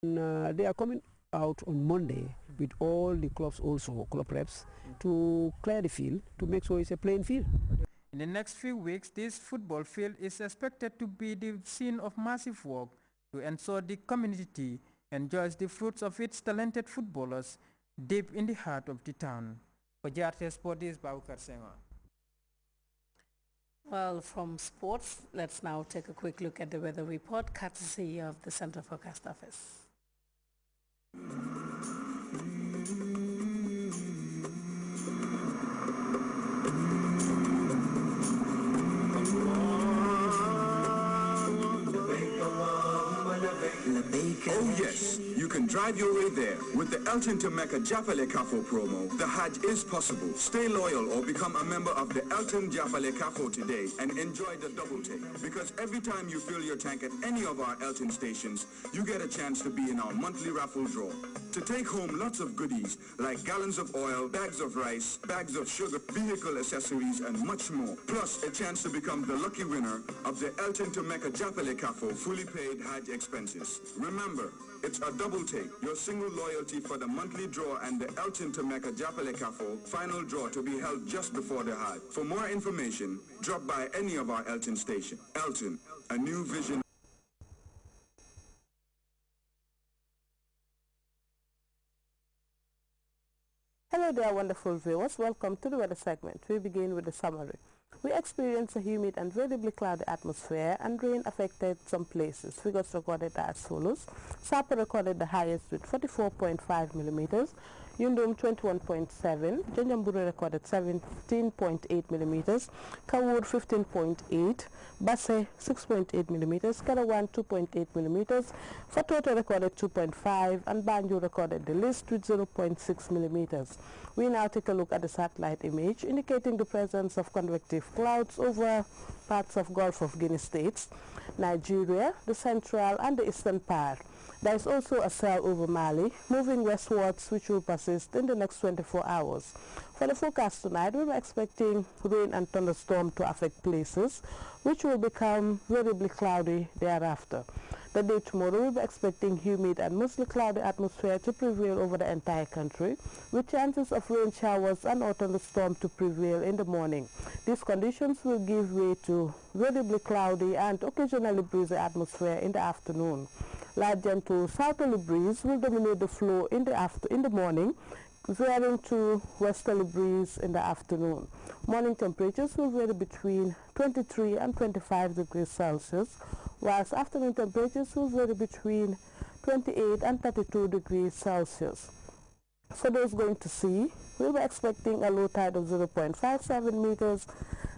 Uh, they are coming out on Monday with all the clubs also, club reps, mm. to clear the field to make sure it's a playing field. In the next few weeks, this football field is expected to be the scene of massive work to ensure the community enjoys the fruits of its talented footballers deep in the heart of the town. For Sport, is Well, from sports, let's now take a quick look at the weather report courtesy of the for Forecast Office. Oh yes you can drive your way there. With the Elton to Mecca Jafale Kafo promo, the Hajj is possible. Stay loyal or become a member of the Elton Jafale Kafo today and enjoy the double take. Because every time you fill your tank at any of our Elton stations, you get a chance to be in our monthly raffle draw. To take home lots of goodies like gallons of oil, bags of rice, bags of sugar, vehicle accessories, and much more. Plus, a chance to become the lucky winner of the Elton to Mecca Jafale Kafo fully paid Hajj expenses. Remember, it's a double take, your single loyalty for the monthly draw and the Elton Temeka Japale final draw to be held just before the hype. For more information, drop by any of our Elton station. Elton, a new vision. Hello there wonderful viewers, welcome to the weather segment. We begin with the summary. We experienced a humid and relatively cloudy atmosphere and rain affected some places. Figures recorded as follows. Sapa recorded the highest with 44.5 millimeters, Yundum 21.7, Janjamburu recorded 17.8 millimeters, Kawur 15.8, Basse 6.8 millimeters, Karawan 2.8 millimeters, Fatoto recorded 2.5, and Banjo recorded the least with 0.6 millimeters. We now take a look at the satellite image indicating the presence of convective clouds over parts of Gulf of Guinea states, Nigeria, the central and the eastern part. There is also a cell over Mali, moving westwards which will persist in the next 24 hours. For the forecast tonight, we are expecting rain and thunderstorm to affect places, which will become variably cloudy thereafter. The day tomorrow, we are expecting humid and mostly cloudy atmosphere to prevail over the entire country, with chances of rain showers and or thunderstorm to prevail in the morning. These conditions will give way to variably cloudy and occasionally breezy atmosphere in the afternoon light gentle southerly breeze will dominate the flow in the after in the morning varying to westerly breeze in the afternoon. Morning temperatures will vary between 23 and 25 degrees Celsius, whilst afternoon temperatures will vary between 28 and 32 degrees Celsius. For those going to sea, we'll be expecting a low tide of 0.57 meters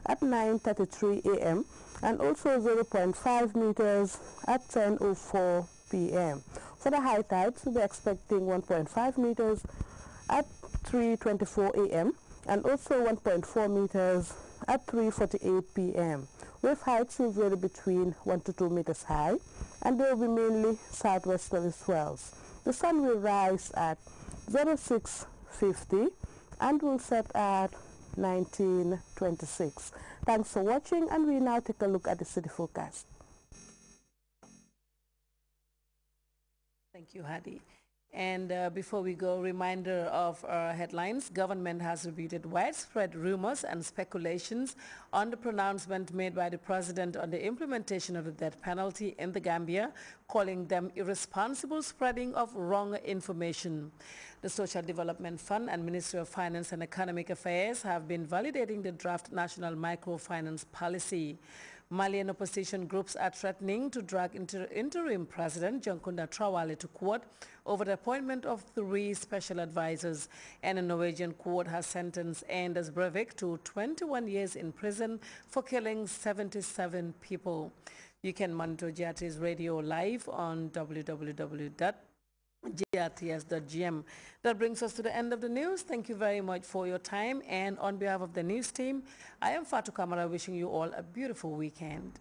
at 9.33 a.m. and also 0.5 meters at 10.04 p.m. For the high tides, we're expecting 1.5 meters at 3.24 a.m. and also 1.4 meters at 3.48 p.m. Wave heights will vary between 1 to 2 meters high and they will be mainly southwesterly swells. The sun will rise at 06:50 and will set at 1926. Thanks for watching and we now take a look at the city forecast. Thank you, Hadi. And uh, before we go, reminder of our uh, headlines. Government has rebutted widespread rumors and speculations on the pronouncement made by the president on the implementation of the death penalty in the Gambia, calling them irresponsible spreading of wrong information. The Social Development Fund and Ministry of Finance and Economic Affairs have been validating the draft National Microfinance Policy. Malian opposition groups are threatening to drag inter interim President Jankunda Trawale to court over the appointment of three special advisors. And a Norwegian court has sentenced Anders Breivik to 21 years in prison for killing 77 people. You can monitor Jati's radio live on www GRTS GM. That brings us to the end of the news. Thank you very much for your time. And on behalf of the news team, I am Fatu Kamara wishing you all a beautiful weekend.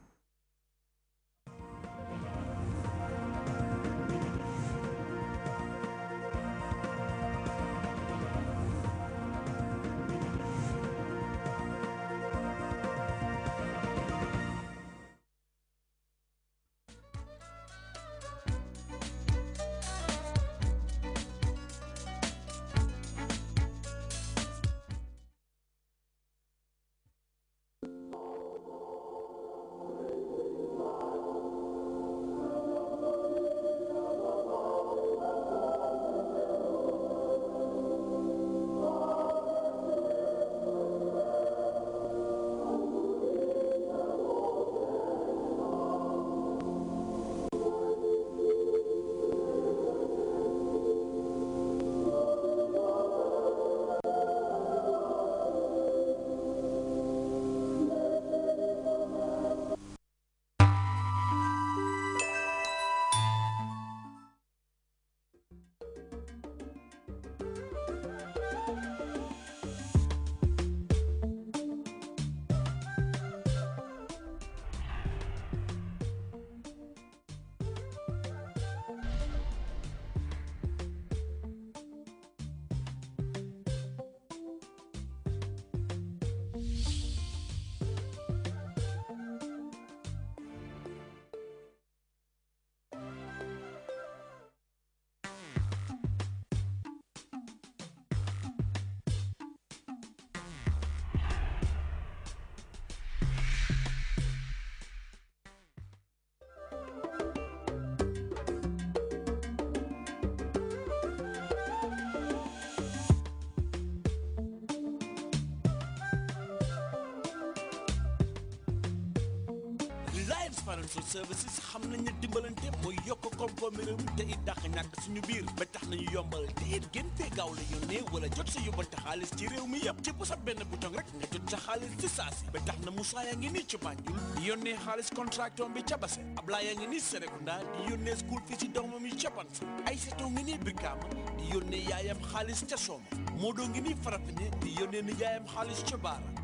financial services xam nañ ne dimbalante mooy yokk koom-koom réew mi te it dàq ñàkk suñu biir ba tax nañu yombal te it gën fee gaaw la yónnee wala jot sa yóbbante xaalis ci réew mi yëpp ci bu sa benn bouton rek nga jot sa xaalis ci saasi ba tax na Moussa yaa ngi nii ci Banjul di yónnee xaalis contracton bi ca Basse Ablaye yaa ngi nii Serekunda di yónnee school fii ci doomam yi ca Banfa Aïssatou ngi nii Brikama di yónnee yaayam xaalis ca Soma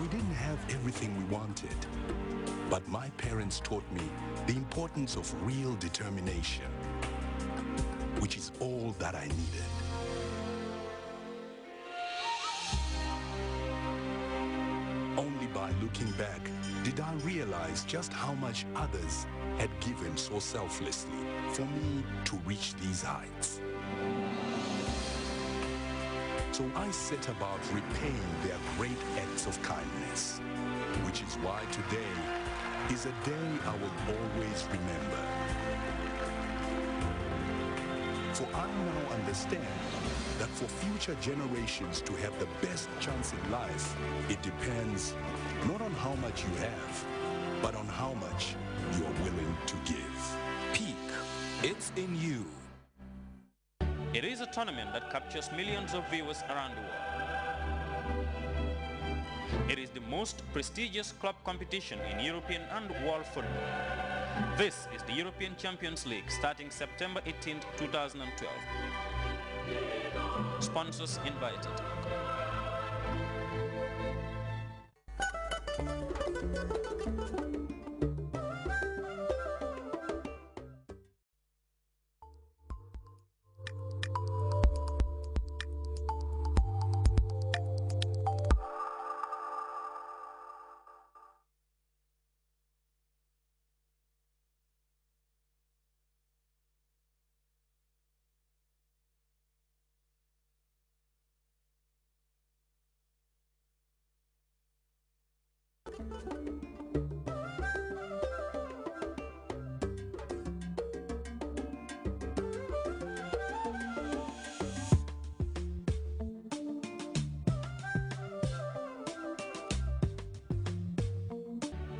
We didn't have everything we wanted, but my parents taught me the importance of real determination, which is all that I needed. Only by looking back did I realize just how much others had given so selflessly for me to reach these heights. So I set about repaying their great acts of kindness, which is why today is a day I will always remember. For I now understand that for future generations to have the best chance in life, it depends not on how much you have, but on how much you are willing to give. Peak, it's in you. It is a tournament that captures millions of viewers around the world. It is the most prestigious club competition in European and world football. This is the European Champions League starting September 18, 2012. Sponsors invited. Thank you.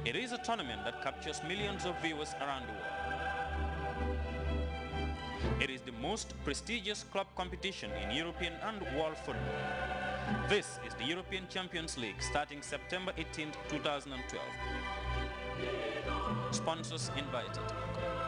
It is a tournament that captures millions of viewers around the world most prestigious club competition in European and world football. This is the European Champions League starting September 18, 2012. Sponsors invited.